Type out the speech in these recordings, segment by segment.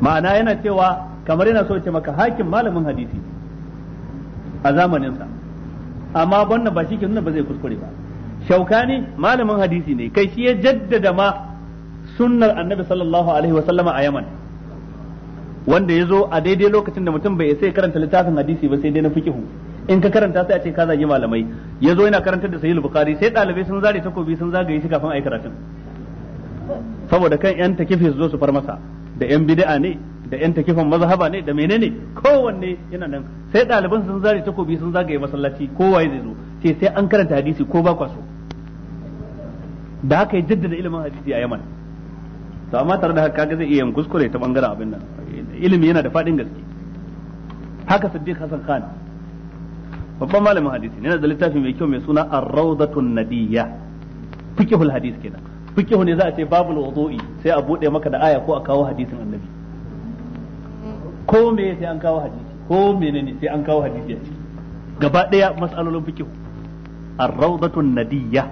ma'ana yana cewa kamar yana so ce maka hakim malamin hadisi a zamaninsa amma wannan ba shi ke nuna ba zai kuskure ba shaukani malamin hadisi ne kai shi ya jaddada ma sunnar annabi sallallahu alaihi wa sallama a yaman wanda ya zo a daidai lokacin da mutum bai sai karanta littafin hadisi ba sai dai na kihu in ka karanta sai a ce ka zagi malamai ya zo yana karantar da sahihul bukhari sai dalibai sun zare takobi sun zagaye shi kafin ayi karatun saboda kan yan takifi su zo su far masa da yan bid'a ne da yan takifan mazhaba ne da menene kowanne yana nan sai ɗaliban sun zare takobi sun zagaye masallaci kowaye zai zo sai sai an karanta hadisi ko ba kwaso da haka ya jaddada ilimin hadisi a Yaman to amma tare da haka kaga zai iya kuskure ta bangaren abin nan ilimi yana da fadin gaske haka Siddiq Hassan Khan babban malamin hadisi yana da littafi mai kyau mai suna Ar-Rawdatun Nadiyya fiqhul hadis kenan fikihu ne za a ce babu wudu'i sai a bude maka da aya ko a kawo hadisin annabi ko me sai an kawo hadisi ko menene sai an kawo hadisi ciki gaba daya mas'alolin fikihu ar-rawdatu nadiyya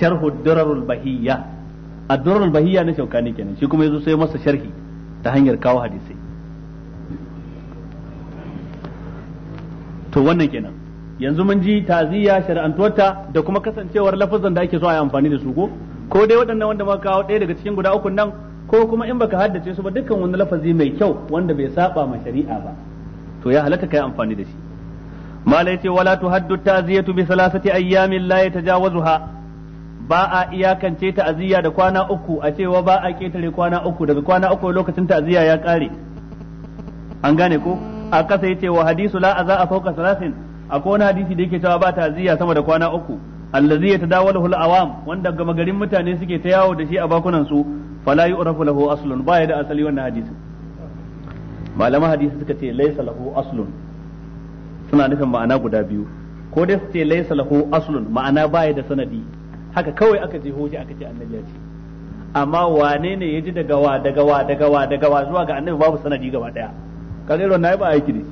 sharhu durarul bahiyya ad-durarul bahiyya na shaukani kenan shi kuma yazo sai masa sharhi ta hanyar kawo hadisi to wannan kenan yanzu mun ji taziya shar'antuwarta da kuma kasancewar lafazan da ake so a yi amfani da su ko ko dai waɗannan wanda muka kawo ɗaya daga cikin guda uku nan ko kuma in baka haddace su ba dukkan wani lafazi mai kyau wanda bai saba ma shari'a ba to ya halatta kai amfani da shi malai ce wala tuhaddu ta'ziyatu bi salasati ayyamin la yatajawazuha ba a iyakance ta'aziyya da kwana uku a cewa ba a ketare kwana uku daga kwana uku lokacin ta'aziyya ya kare an gane ko a kasa yace wa hadisu la za a fauka salasin akwai wani hadisi da yake cewa ba ta'aziyya sama da kwana uku allazi yatadawalahu al-awam wanda gama garin mutane suke ta yawo da shi a bakunan su fala yu'rafu lahu aslun ba ya da asali wannan hadisi Malama hadisi suka ce laysa lahu aslun suna nufin ma'ana guda biyu ko dai su ce laysa lahu aslun ma'ana ba ya da sanadi haka kawai aka je hoji aka ce annabi ya ce amma wane ne ya ji daga wa daga wa daga wa daga wa zuwa ga annabi babu sanadi gaba daya Kare irin na yi ba aiki ne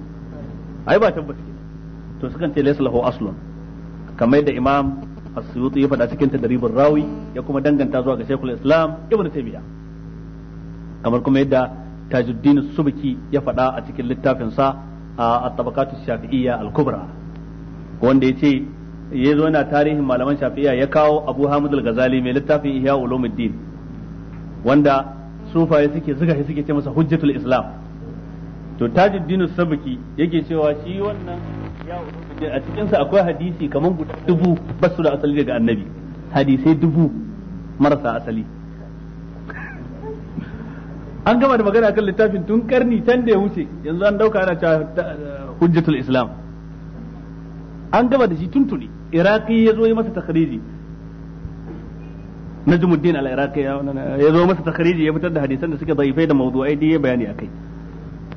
ai ba tabbata to sukan ce laysa lahu aslun kamar da imam as-suyuti ya faɗa cikin tadribur rawi ya kuma danganta zuwa ga shaykhul islam ibnu taymiya kamar kuma yadda tajuddin subki ya faɗa a cikin littafin sa a at-tabaqatu shafi'iyya al-kubra wanda yace ya zo na tarihin malaman shafi'iyya ya kawo Abu Hamid al-Ghazali mai littafin Ihya ulumuddin wanda sufaye suke zuga shi suke ce masa hujjatul islam to tajuddin subki yake cewa shi wannan a cikin sa akwai hadisi kaman guda dubu basu da asali daga annabi hadisai dubu marasa asali an gama da magana kan littafin tun karni can da ya wuce yanzu an dauka ana cewa hujjatul islam an gama da shi tuntuni iraki ya zo yi masa takhriji najmuddin al iraki ya zo masa takhriji ya fitar da hadisan da suke daifai da mawdu'ai da ya bayani akai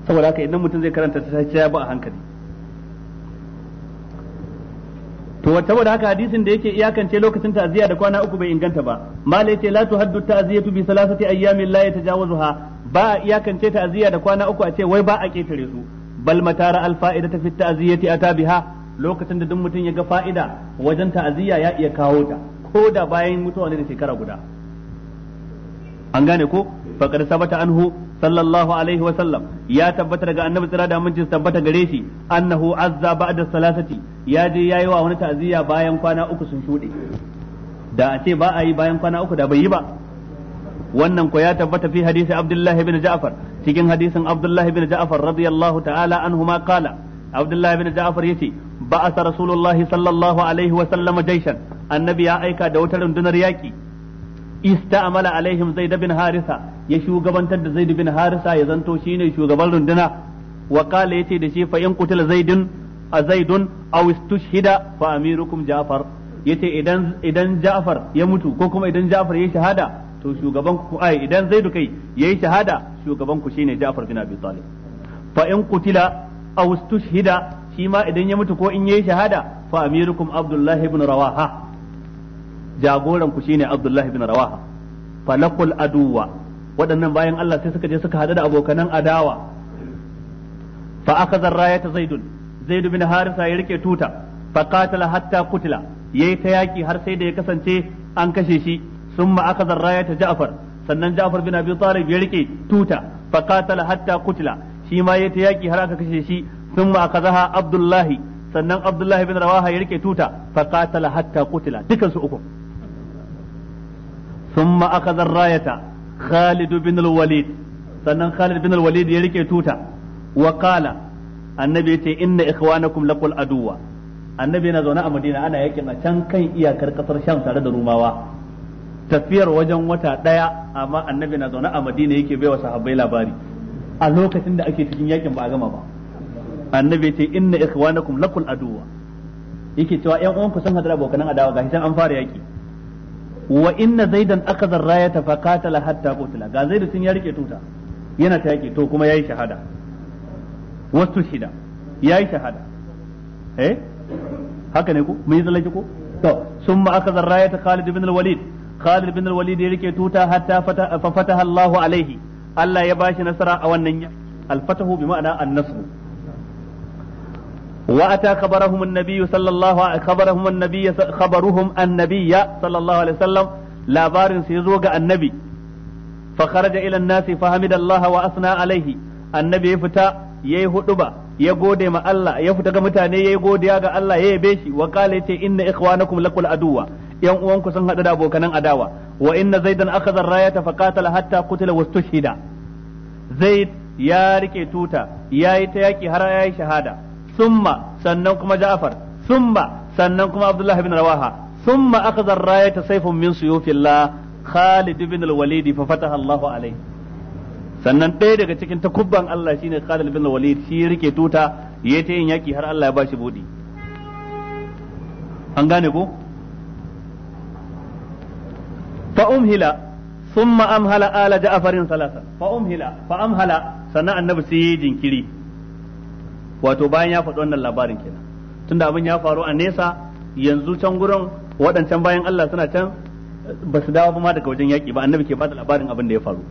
saboda haka idan mutum zai karanta ta sai ya ba a hankali to saboda haka hadisin da yake iyakance lokacin ta'aziyya da kwana uku bai inganta ba mala yace la tuhaddu ta'ziyatu bi salasati ayyamin la yatajawazuha ba a iyakance ta'aziyya da kwana uku a ce wai ba a ketare su bal matara al ta fi ta'ziyati ata biha lokacin da duk mutum ya ga fa'ida wajen ta'aziyya ya iya kawo ta ko da bayan mutuwa ne da shekara guda an gane ko qad sabata anhu sallallahu alaihi wa sallam ya tabbata daga annabi tsira da mun tabbata gare shi annahu azza ba'da salasati ya je ya yi wa wani ta'aziyya bayan kwana uku sun shuɗe da a ce ba a yi bayan kwana uku da bai yi ba wannan ko ya tabbata fi hadisi abdullahi bin ja'far cikin hadisin abdullahi bin ja'far radiyallahu ta'ala anhuma qala abdullahi bin ja'far yace ba'asa rasulullahi sallallahu alaihi wa sallama jaishan annabi ya aika da wata rundunar yaki ista'mala alaihim zaid bin harisa ya shugabantar da zaid bin harisa ya zanto shine shugaban runduna wa ya yace da shi fa in qutila zaidun a zaidun aw istushhida fa amirukum ja'far yace idan idan ja'far ya mutu ko kuma idan ja'far ya shahada to shugaban ku ai idan zaidu kai yi shahada shugaban ku shine ja'far bin abi talib fa in kutila aw istushhida shi ma idan ya mutu ko in ya yi shahada fa amirukum abdullah ibn rawaha jagoran ku shine abdullah ibn rawaha falakul aduwa waɗannan bayan Allah sai suka je suka hada da abokanan adawa fa akhadha rayata zaidun zaid bin harisa ya rike tuta fa qatala hatta qutila yayi ta yaki har sai da ya kasance an kashe shi summa akhadha rayata ja'far sannan ja'afar bin abi talib ya rike tuta fa hatta kutila shi ma ya ta yaki har aka kashe shi summa akhadha abdullahi sannan abdullahi bin rawaha ya rike tuta fa hatta kutila dukan su uku summa akhadha ta khalid bin al-walid sannan khalid bin al-walid ya rike tuta wa qala annabi ya ce inna ikhwanakum laqul aduwa annabi yana zaune a madina ana yakin a can kan iyakar kasar sham tare da rumawa tafiyar wajen wata daya amma annabi na zaune a madina yake baiwa sahabbai labari a lokacin da ake cikin yakin ba a gama ba annabi ce inna ikhwanakum lakul aduwa yake cewa ƴan uwanku sun hadara abokan adawa gashi san an fara yaki wa inna zaidan akhadha ar-rayata fa qatala hatta qutila ga zaidu sun ya rike tuta yana ta yaki to kuma yayi shahada wasu shida ya yi shahada eh haka ne ko mun yi zalaki ko to sun ma aka zarra ta Khalid bin al-Walid Khalid bin al-Walid ya rike tuta hatta fa fataha Allah alaihi Allah ya bashi nasara a wannan yaki al-fatahu bi ma'ana an-nasr wa ata khabarahum an-nabiy sallallahu alaihi khabarahum an-nabiy khabaruhum an-nabiy sallallahu alaihi wasallam labarin sai zo ga annabi fa kharaja ila an-nasi fa hamida Allah wa asna alaihi annabi ya fita hudu ba ya gode ma Allah ya fita ga mutane yayi godiya ga Allah ya yabe shi wa qala ce inna ikhwanakum lakul aduwa yan uwanku sun hadu da abokanan adawa wa inna zaidan akhadha ar-rayata fa qatala hatta qutila wastushhida zaid ya rike tuta yayi ta yaki har yayi shahada summa sannan kuma ja'far summa sannan kuma abdullah ibn rawaha summa akhadha ar-rayata sayfun min suyufillah khalid ibn al-walid fa fataha Allahu alayhi sannan ɗaya daga cikin takubban Allah shine Khalid bin Walid shi rike tuta ya ta yin yaki har Allah ya bashi buɗi an gane ko fa umhila thumma amhala ala ja'farin salasa fa umhila fa amhala sannan annabi sai yi jinkiri wato bayan ya faɗi wannan labarin kenan tunda abin ya faru a nesa yanzu can gurin waɗancan bayan Allah suna can ba su dawo ba ma daga wajen yaƙi ba annabi ke da labarin abin da ya faru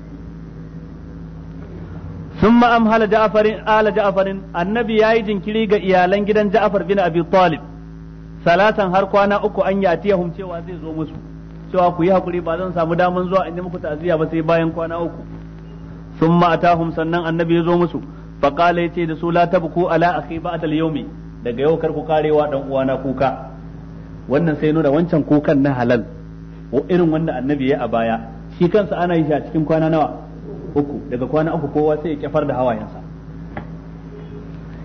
sun ma'am hala ja'afarin ala ja'afarin annabi ya yi jinkiri ga iyalan gidan ja'afar bin abi talib salatan har kwana uku an yi atiyahum cewa zai zo musu cewa ku yi hakuri bazan samu daman zuwa in yi muku ta'aziyya ba sai bayan kwana uku sun ma'atahum sannan annabi ya zo musu faqala yace da su la tabku ala akhi ba'dal yawmi daga yau kar ku karewa dan uwana kuka wannan sai nuna wancan kukan na halal irin wanda annabi ya yi a baya shi kansa ana yi shi a cikin kwana nawa uku daga kwana uku kowa sai ya kyafar da hawayensa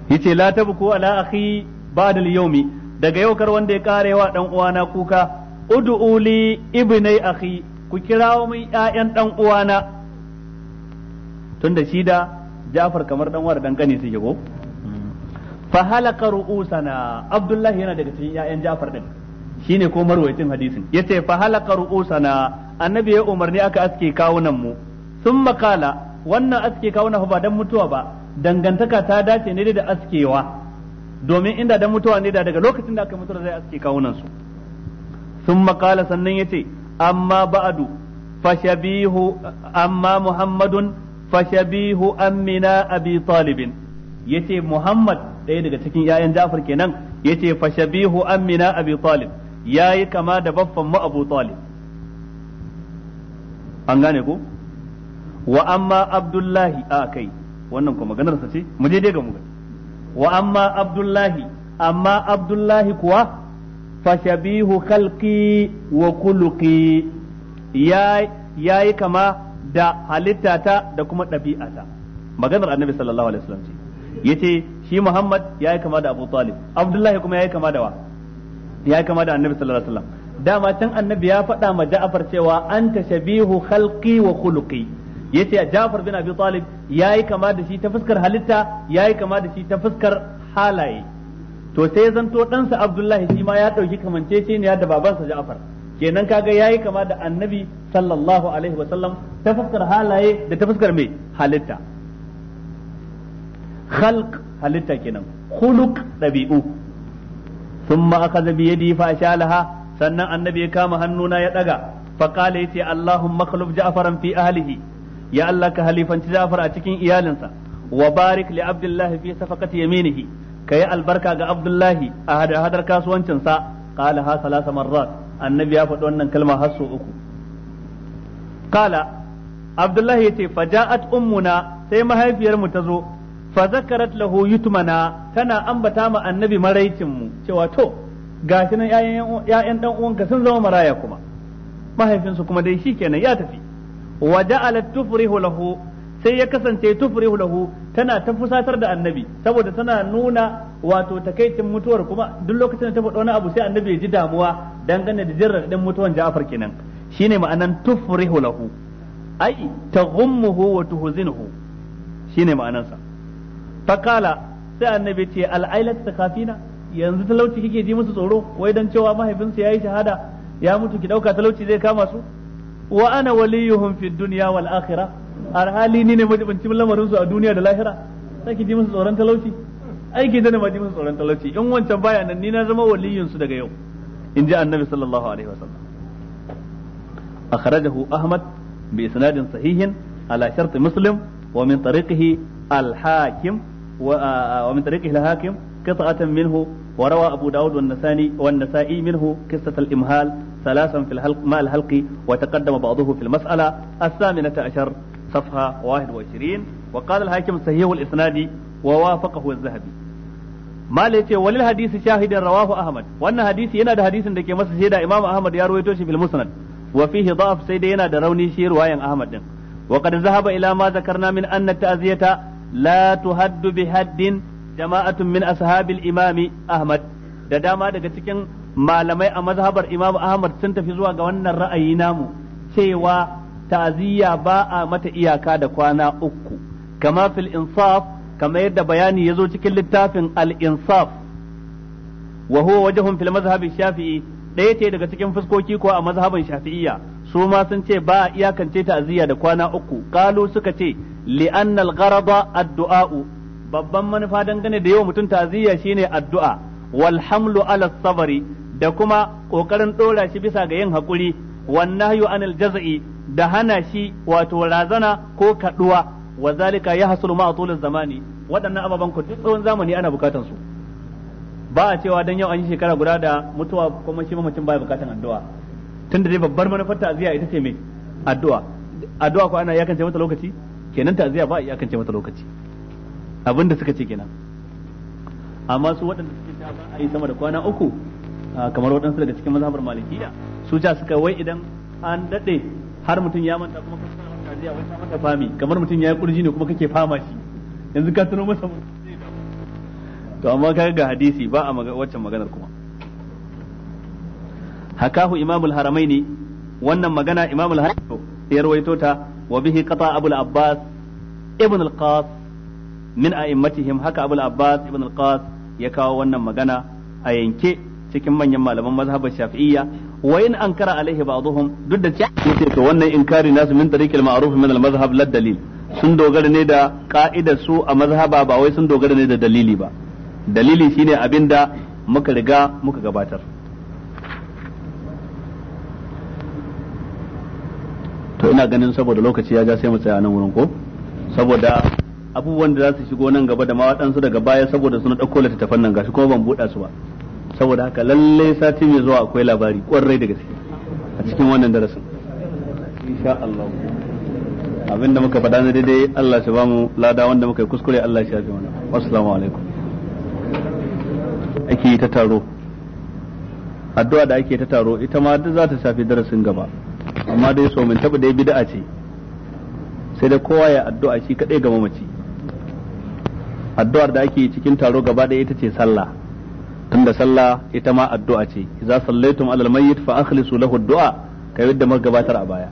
yace la tabku ala akhi ba'da al-yawmi daga yau kar wanda ya karewa dan uwana kuka ud'u li ibnai akhi ku kirawo min ƴaƴan dan uwana tunda shi da Ja'far kamar dan wara dan kane su go? fa halaka ru'usana Abdullahi yana daga cikin ƴaƴan Ja'far din shine ko marwayin hadisin yace fa halaka ru'usana annabi ya umarni aka aske kawunan mu sun makala wannan aske kawo na ba dan mutuwa ba dangantaka ta dace ne da askewa domin inda dan mutuwa ne da daga lokacin da aka mutu da zai aske kawunan su sun makala sannan ya ce amma ba'adu fashabihu amma muhammadun fashabihu Amina abi talibin ce muhammad ɗaya daga cikin 'ya'yan ja'far kenan yace fashabihu Amina abi talib yi kama da baffan mu abu talib an gane ko wa amma abdullahi a kai wannan kuma maganar sa ce mu je dai ga mu wa amma abdullahi amma abdullahi kuwa fa shabihu khalqi wa khuluqi ya yayi kama da halittata da kuma ɗabi'ata maganar annabi sallallahu alaihi wasallam ce yace shi Muhammad yayi kama da Abu Talib Abdullahi kuma yayi kama da wa yayi kama da annabi sallallahu alaihi wasallam dama can annabi ya faɗa ma Ja'far cewa anta shabihu khalqi wa khuluqi yace Ja'far bin Abi Talib yayi kama da shi ta fuskar halitta yayi kama da shi ta fuskar halaye to sai ya zanto ɗansa Abdullahi shi ma ya ɗauki kamanceceniya da babansa Ja'far kenan kaga yayi kama da Annabi sallallahu alaihi wa sallam ta fuskar halaye da ta fuskar mai halitta khalq halitta kenan khuluq dabi'u thumma akhadha bi yadi fa ashalaha sannan annabi ya kama hannuna ya daga fa qala yace Allahumma khluf ja'faran fi ahlihi ya Allah ka halifanci Ja'far a cikin iyalinsa wa barik li Abdullahi fi safaqati yaminihi kai albarka ga Abdullahi a hada-hadar kasuwancin sa qala ha salasa marrat annabi ya faɗi wannan kalma har sau uku qala Abdullahi yace faja'at ummuna sai mahaifiyar mu ta zo fa zakarat lahu yutmana tana ambata ma annabi maraicin mu cewa to gashi nan ƴaƴan ƴaƴan dan uwanka sun zama maraya kuma mahaifinsu kuma dai shikenan ya tafi wa ja'alat tufrihu lahu sai ya kasance tufrihu lahu tana ta fusatar da annabi saboda tana nuna wato takaicin mutuwar kuma duk lokacin da ta faɗo wani abu sai annabi ya ji damuwa dangane da jirar din mutuwan Ja'far kenan shine ma'anan tufrihu lahu ai taghummuhu wa tuhzinuhu shine ma'anansa fakala sai annabi ce ailat takafina yanzu talauci kike ji musu tsoro wai dan cewa mahaifinsu yayi shahada ya mutu ki dauka talauci zai kama su wa ana waliyuhum fid dunya wal akhirah alhali ni ne majibancin lamarin su a duniya da lahira sai ki ji musu tsoron talauci aiki da ne ma musu tsoron talauci in wancan baya nan ni na zama waliyun su daga yau in ji annabi sallallahu alaihi wasallam akhrajahu ahmad bi isnadin sahihin ala shart muslim wa min tariqihi al hakim wa min tariqihi al hakim qit'atan minhu da'ud أبو داود والنسائي والنسائي منه قصة الإمهال ثلاثا في الحلق مع الحلق وتقدم بعضه في المسألة الثامنة عشر صفحة 21 وقال الحاكم صحيح الإسناد ووافقه الذهبي ما ليتي وللحديث شاهد رواه أحمد وأن حديث ينا ده حديث دكي مس شهيدا إمام أحمد يرويته في المسند وفيه ضعف سيد ينا ده روني شي رواية أحمد وقد ذهب إلى ما ذكرنا من أن التأذية لا تهد بحد جماعة من أصحاب الإمام أحمد da dama daga cikin malamai a mazhabar Imam Ahmad sun tafi zuwa ga wannan ra'ayi namu cewa ta'aziyya ba a mata iyaka da kwana uku kama fil insaf kama yadda bayani yazo cikin littafin al insaf wa huwa wajhun fil mazhabi shafi'i ɗaya ce daga cikin fuskoki ko a mazhaban shafi'iyya su ma sun ce ba a iyakance ta'aziyya da kwana uku kalu suka ce li'anna al-gharada addu'a'u babban manufa dangane da yau mutum ta'aziyya shine addu'a wal hamlu ala sabari da kuma kokarin dora shi bisa ga yin hakuri wan nahyu anil jaz'i da hana shi wato razana ko kaduwa wa zalika ya hasulu ma tul zamani waɗannan ababan ku duk tsawon zamani ana bukatan su ba a cewa dan yau an yi shekara guda da mutuwa kuma shi mamacin baya bukatan addu'a tunda dai babbar manufar ta'aziyya ita ce me addu'a addu'a ko ana yakance mata lokaci kenan ta'aziyya ba a yakance mata lokaci abinda suka ce kenan amma su waɗanda suke cewa ba a yi sama da kwana uku Ah, kamar waɗansu daga cikin mazhabar malikiya su ja suka wai idan an daɗe har mutum ya manta kuma kasu kana masa wai ta mata fami kamar mutum ya yi kurji ne kuma kake fama shi yanzu ka tuno masa to amma ka ga hadisi ba a waccan maganar kuma hakahu imamul haramaini wannan magana imamul haramaini ya rawaito ta wa bihi qata abul abbas ibn al qas min a'immatihim haka abul abbas ibn al qas ya kawo wannan magana a yanke cikin manyan malaman mazhabar shafi'iyya wa in ankara alaihi ba'dhum duk da cewa to wannan inkari nasu min tariqil ma'ruf min al-mazhab la dalil sun dogara ne da ka'idar su a mazhaba ba wai sun dogara ne da dalili ba dalili shine abinda muka riga muka gabatar to ina ganin saboda lokaci ya ja sai mu tsaya nan wurin ko saboda abubuwan da za su shigo nan gaba da ma waɗansu daga baya saboda suna ɗauko littattafan nan gashi kuma ban buɗa su ba saboda haka lalle sati mai zuwa akwai labari kwarai da gaske a cikin wannan darasin insha Allah abinda muka faɗa na daidai Allah shi mu lada wanda muka yi kuskure Allah shi ya ji mana assalamu alaikum ake ta taro addu'a da ake ta taro ita ma duk za ta shafi darasin gaba amma dai so min taba dai bid'a ce sai dai kowa ya addu'a shi kadai ga mamaci addu'ar da ake cikin taro gaba da ita ce sallah tunda sallah ita ma addu'a ce idza sallaitum alal mayyit fa akhlisu lahu du'a kai yadda muka gabatar a baya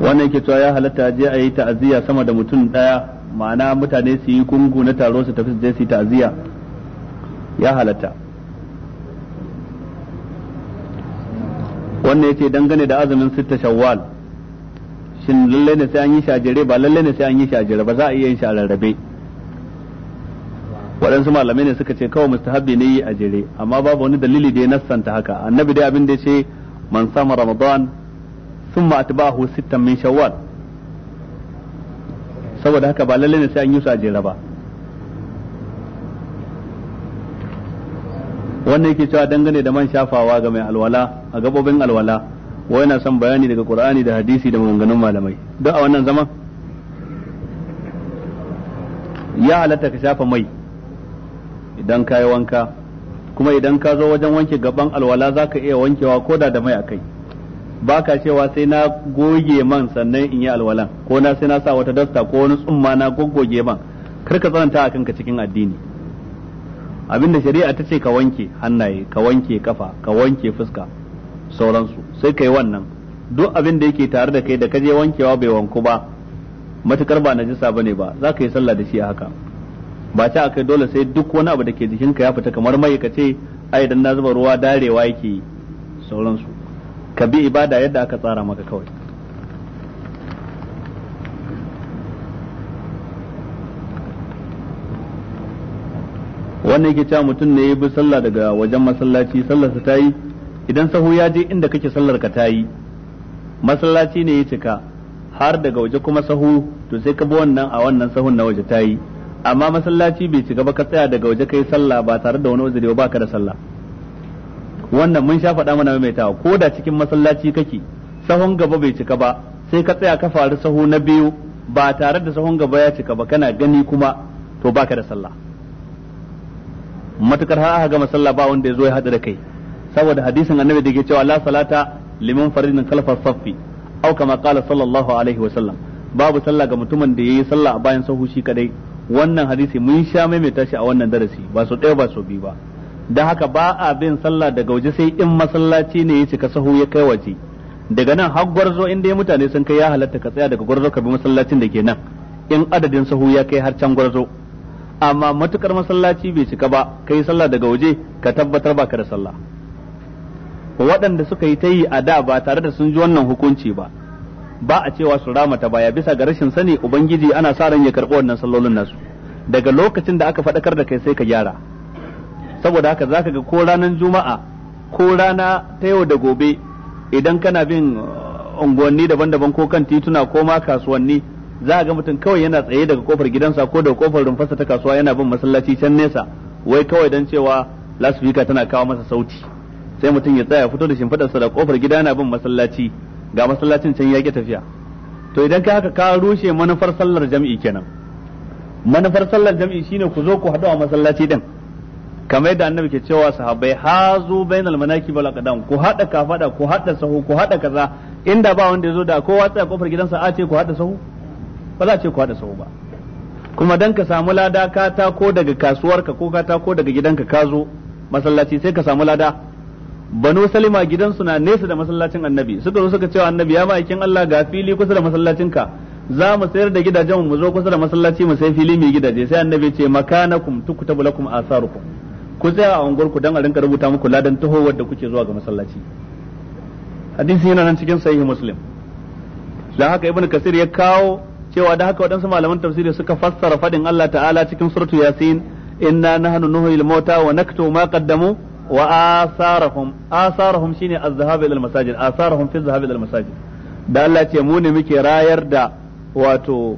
wannan yake cewa ya halatta je a yi ta'aziyya sama da mutum daya ma'ana mutane su yi gungu na taro su tafi su je su yi ta'aziyya ya halatta wannan yace dangane da azumin sitta shawwal shin lalle ne sai an yi shajire ba lalle ne sai an yi shajire ba za a iya yin rarrabe waɗansu malamai ne suka ce kawai mustahabbi ne yi a jere amma babu wani dalili da ya nassanta haka annabi dai abin da ya ce man sama ramadan thumma atba'ahu sittan min shawwal saboda haka ba lalle ne sai an yi su a jere ba wannan yake cewa dangane da man shafawa ga mai alwala a gabobin alwala wa yana son bayani daga qur'ani da hadisi da maganganun malamai duk a wannan zaman ya halatta ka shafa mai idan ka yi wanka kuma idan ka zo wajen wanke gaban alwala za ka iya wankewa koda da mai a kai ba ka cewa sai na goge man sannan in yi alwalan ko na sai na sa wata dasta ko wani tsumma na goggoge man kar ka tsananta a kanka cikin addini abinda shari'a ta ce ka wanke hannaye ka wanke kafa ka wanke fuska sauransu sai kai wannan duk abin da yake tare da kai da kaje wankewa bai wanku ba matukar ba najisa bane ba za ka yi sallah da shi a haka ba ta akai dole sai duk wani abu da ke jikinka ya fita kamar mai ka ce ai dan na zuba ruwa darewa yake sauransu ka bi ibada yadda aka tsara maka kawai wannan yake cewa mutum ne ya bi sallah daga wajen masallaci sallarsa ta yi idan sahu ya je inda kake sallar ka tayi masallaci ne ya cika har daga waje kuma sahu to sai ka bi wannan a wannan sahun na waje tayi amma masallaci bai cika ba ka tsaya daga waje kai sallah ba tare da wani uzuri ba ka da sallah wannan mun sha faɗa mana maimaitawa ko da cikin masallaci kake sahun gaba bai cika ba sai ka tsaya ka faru sahu na biyu ba tare da sahun gaba ya cika ba kana gani kuma to baka da sallah matukar har aka gama sallah ba wanda ya zo ya haɗu da kai saboda hadisin annabi da ke cewa la salata liman faridin khalfa saffi aw kama qala sallallahu alaihi wa sallam babu sallah ga mutumin da yayi sallah a bayan sahu shi kadai wannan hadisi mun sha mai shi a wannan darasi ba su ɗaya ba su biyu ba da haka ba a bin sallah daga waje sai in masallaci ne ya cika sahu ya kai waje daga nan har gwarzo inda ya mutane sun kai ya halatta ka tsaya daga gwarzo ka bi masallacin da ke nan in adadin sahu ya kai har can gwarzo amma matukar masallaci bai cika ba kai sallah daga waje ka tabbatar ba ka da sallah waɗanda suka yi ta yi a da ba tare da sun ji wannan hukunci ba ba a cewa su rama baya bisa ga rashin sani ubangiji ana sa ran ya karɓo wannan sallolin nasu daga lokacin da aka faɗakar da kai sai ka gyara saboda haka zaka ga ko ranar juma'a ko rana ta yau da gobe idan kana bin uh, unguwanni daban-daban ko kan tituna ko ma kasuwanni za ga mutum kawai yana tsaye daga kofar gidansa ko daga kofar rumfarsa ta kasuwa yana bin masallaci can nesa wai kawai don cewa lasfika tana kawo masa sauti sai mutum ya tsaya fito da shimfiɗar sa da kofar gida na bin masallaci ga masallacin can ya ki tafiya to idan ka haka ka rushe manufar sallar jam'i kenan manufar sallar jam'i shine ku zo ku haɗu a masallaci din kamar yadda annabi ke cewa sahabbai hazu bainal manaki wal aqdam ku hada kafada ku hada sahu ku hada kaza inda ba wanda yazo da kowa tsaya kofar gidansa a ce ku hada sahu ba za a ce ku hada sahu ba kuma dan ka samu lada ka ta ko daga kasuwarka ko ka ta ko daga gidanka ka zo masallaci sai ka samu lada banu salima gidansu na nesa da masallacin annabi suka zo suka cewa annabi ya ma'aikin Allah ga fili kusa da masallacinka za mu sayar da gidajen mu zo kusa da masallaci mu sai fili mai gidaje sai annabi ce makanakum tukutabu lakum asarukum ku tsaya a unguwar ku dan a rinka rubuta muku ladan taho da kuke zuwa ga masallaci hadisi yana nan cikin sahihi muslim dan haka ibnu kasir ya kawo cewa da haka wadansu malaman tafsiri suka fassara fadin Allah ta'ala cikin suratu yasin inna nahnu nuhyil mauta wa naktu ma qaddamu wa asarahum asarahum shine az-zahab ila al-masajid asarahum fi az ila al da Allah ce mu ne muke rayar da wato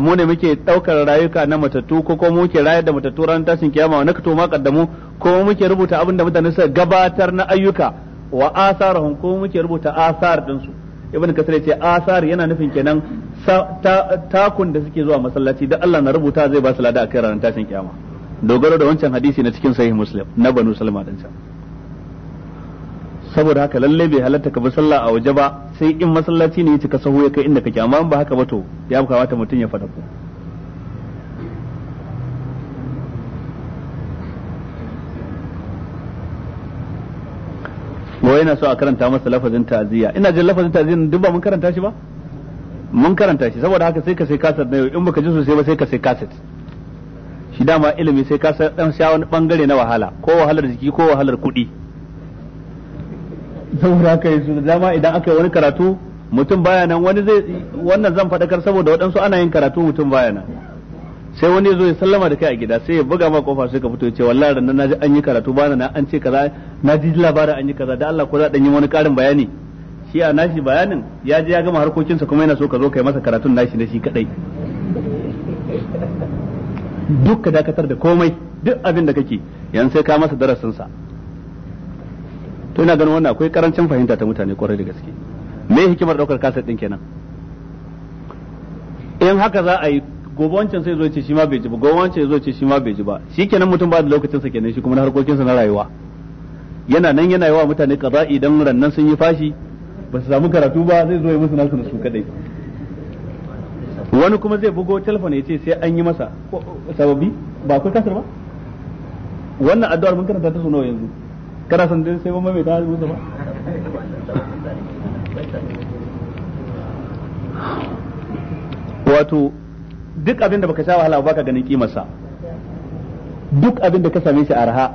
mu ne muke daukar rayuka na matattu ko ko muke rayar da matattu ran tashin kiyama wa nakto ma kaddamu ko muke rubuta abin da mutane suka gabatar na ayyuka wa asarhum ko muke rubuta asar din su ibn kasir ce asar yana nufin kenan takun da suke zuwa masallaci da Allah na rubuta zai ba su lada a kai ranar tashin kiyama dogaro da wancan hadisi na cikin sahih muslim na banu salma din sa saboda haka lalle bai halatta ka bi sallah a waje ba sai in masallaci ne ya cika sahu ya kai inda kake amma ba haka ba to ya kamata mutum ya fada ku ko yana so a karanta masa lafazin ta'aziyya ina jin lafazin ta'aziyya duk ba mun karanta shi ba mun karanta shi saboda haka sai ka sai kaset na yau in baka ji sosai ba sai ka sai kaset shi dama ilimi sai ka dan sha wani bangare na wahala ko wahalar jiki ko wahalar kuɗi saboda haka yanzu da dama idan aka yi wani karatu mutum baya nan wani zai wannan zan faɗakar saboda waɗansu ana yin karatu mutum baya nan sai wani ya zo ya sallama da kai a gida sai ya buga ma kofa sai ka fito ya ce wallahi ran na ji an yi karatu bana na an ce kaza na ji labarin an yi kaza da Allah ko za dan yi wani karin bayani shi a nashi bayanin ya je ya gama harkokinsa kuma yana so ka zo kai masa karatun nashi na shi kadai duk ka dakatar da komai duk abin da kake yan sai ka masa darasin sa to ina ganin wannan akwai karancin fahimta ta mutane kwarai da gaske me hikimar daukar kaset din kenan in haka za a yi gobe wancan sai zo ce shi ma bai ji ba gobe wancan zo ce shi ma bai ji ba shikenan mutum ba da lokacin sa kenan shi kuma na harkokin sa na rayuwa yana nan yana yi wa mutane kaza idan rannan sun yi fashi ba su samu karatu ba zai zo ya musu nasu su kadai wani kuma zai bugo telefon ya ce sai an yi masa sababi ba akwai kasar ba wannan addu'ar mun karanta ta su nawa yanzu kana son dai sai mai ta musu ba wato duk abin da baka sha wahala ba ka ganin kimarsa duk abin da ka same shi raha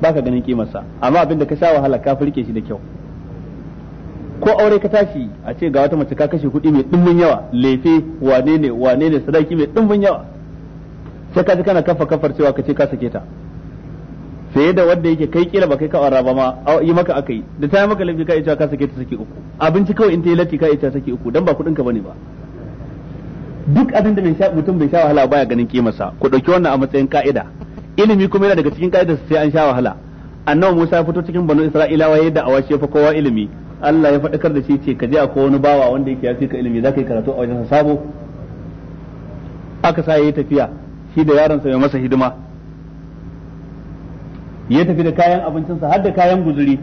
ba ka ganin kimarsa amma abin da ka sha wahala ka furke shi da kyau ko aure ka tashi a ce ga wata mace ka kashe kuɗi mai dimbin yawa lefe wane ne wane ne sadaki mai dimbin yawa sai ka ji kana kafa kafar cewa ka ce ka sake ta sai da wanda yake kai kila ba kai ka aura ba ma yi maka akai da ta yi maka laifi ka ita ka sake ta sake uku abinci kawai in ta yi latti ka ita sake uku dan ba kuɗin ka bane ba duk abin da mutum bai sha wahala baya ganin kimarsa ku dauki wannan a matsayin ka'ida ilimi kuma yana daga cikin ka'idar sai an sha wahala annabi Musa ya fito cikin banu Isra'ilawa yadda awashi fa kowa ilimi Allah ya faɗakar da shi ce ka je akwai wani bawa wanda yake ya fi ka ilimi za ka yi karatu a wajen sa sabo aka sa ya yi tafiya shi da yaron sa mai masa hidima ya tafi da kayan abincinsa har da kayan guzuri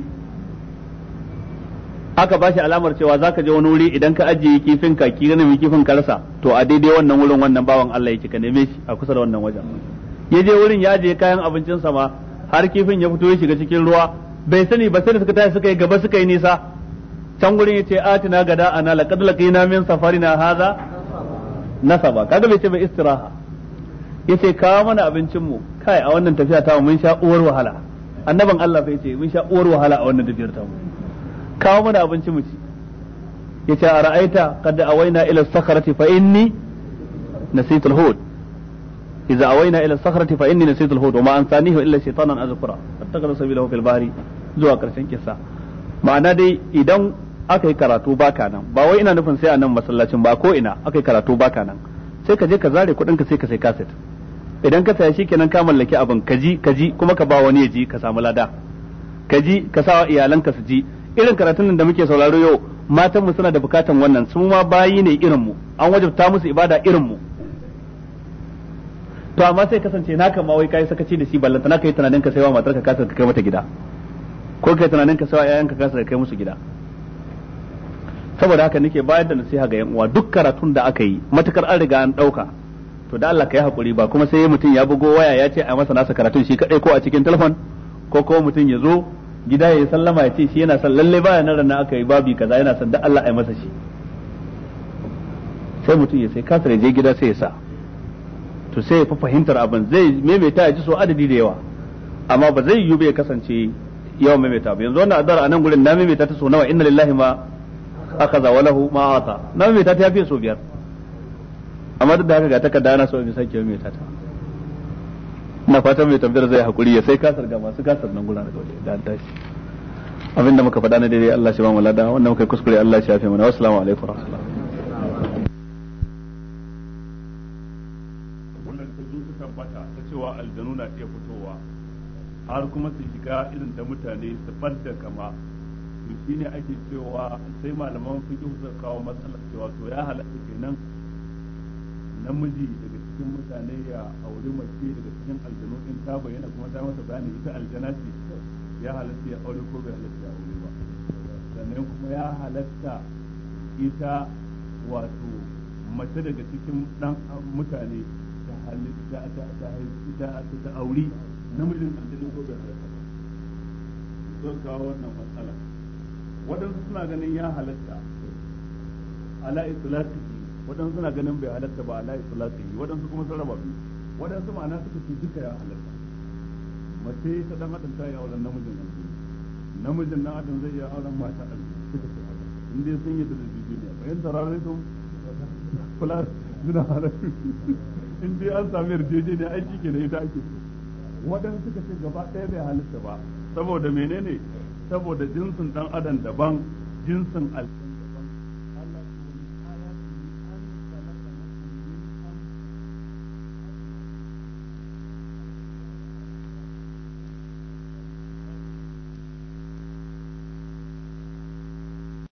aka ba shi alamar cewa za ka je wani wuri idan ka ajiye kifin ka ki ganin kifin ka rasa to a daidai wannan wurin wannan bawan Allah yake ka neme shi a kusa da wannan wajen ya je wurin ya ajiye kayan abincinsa ma har kifin ya fito ya shiga cikin ruwa bai sani ba sai da suka tashi suka yi gaba suka yi nisa can gurin yace atina gada ana laqad laqina min safarina hadha nasaba kaga bai ce bai istiraha yace kawo mana abincin mu kai a wannan tafiya ta mun sha uwar wahala annaban Allah fa ce mun sha uwar wahala a wannan tafiyar ta mu kawo mana abincin mu ci yace ara'aita qad awaina ila sakhrati fa inni nasitu al-hud idza awaina ila sakhrati fa inni nasitu al-hud wa ma ansanihi illa shaytanan azkura fattaqala sabilahu fil bahri zuwa karshen kissa ma'ana dai idan aka yi karatu baka nan ba wai ina nufin sai a nan masallacin ba ko ina aka yi karatu baka nan sai ka je ka zare kudin ka sai ka sai kaset idan ka saya kenan ka mallaki abin ka ji ka ji kuma ka ba wani ya ji ka samu lada ka ji ka sa iyalanka su ji irin karatun nan da muke sauraro yau matan mu suna da bukatan wannan su ma bayi ne irin mu an wajabta musu ibada irin mu to amma sai kasance naka ma wai kai sakaci da shi ballanta naka yi tunanin ka sai wa ka kasar ka kai mata gida ko kai tunanin ka sai wa ka kasar ka kai musu gida saboda haka nake bayar da nasiha ga yan uwa duk karatun da aka yi matukar an riga an dauka to da Allah ka yi hakuri ba kuma sai mutum ya bugo waya ya ce a masa nasa karatun shi kadai ko a cikin telefon ko ko mutum ya zo gida ya sallama ya ce shi yana son lalle baya nan ranar aka yi babi kaza yana son da Allah a yi masa shi sai mutum ya sai kasar je gida sai ya sa to sai ya fa fahimtar abin zai maimaita ya ji so adadi da yawa amma ba zai ba bai kasance yawan maimaita ba yanzu wannan addu'ar a nan gurin na maimaita ta so nawa inna lillahi ma akaza lahu ma ata na mai ta ya fi so biyar amma duk da haka ga takarda ana so in sake mai ta ta na fatan mai tambayar zai hakuri ya sai kasar ga masu kasar nan gura daga waje da an tashi abin da muka faɗa na daidai Allah shi ba mu lada wannan muka kuskure Allah shi ya fi mana wassalamu alaikum wa wa rahmatullahi warahmatullahi har kuma su shiga irin da mutane su bar da kama to shi ne ake cewa sai malaman fiqh suka kawo matsalar cewa to ya halatta kenan namiji daga cikin mutane ya auri mace daga cikin aljanu in ta bayyana kuma ta masa bayani ita aljana ce ya halatta ya aure ko bai halatta ya aure ba sannan kuma ya halatta ita wato mace daga cikin dan mutane ta halitta ta ta ta auri namijin aljanu ko bai halatta ba zan kawo wannan matsala waɗansu suna ganin ya halatta ala itlaqi waɗansu suna ganin bai halatta ba ala itlaqi waɗansu kuma sun raba biyu waɗansu ma'ana suka ce duka ya halatta mace ta dan adam ta yi auren namijin aljihu namijin dan adam zai yi auren mata aljihu suka ce haka in dai sun yi da jiji ne fa yanta raraitu kula suna halatta in dai an sami ne aiki ke da ita ake so waɗansu suka ce gaba ɗaya bai halatta ba saboda menene saboda jinsin dan adam daban jinsin al